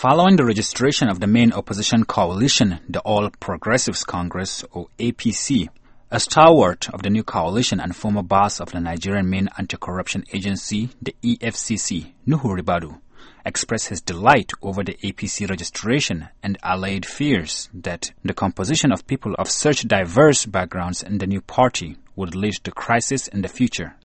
Following the registration of the main opposition coalition, the All Progressives Congress, or APC, a stalwart of the new coalition and former boss of the Nigerian main anti-corruption agency, the EFCC, Nuhu Ribadu, expressed his delight over the APC registration and allayed fears that the composition of people of such diverse backgrounds in the new party would lead to crisis in the future.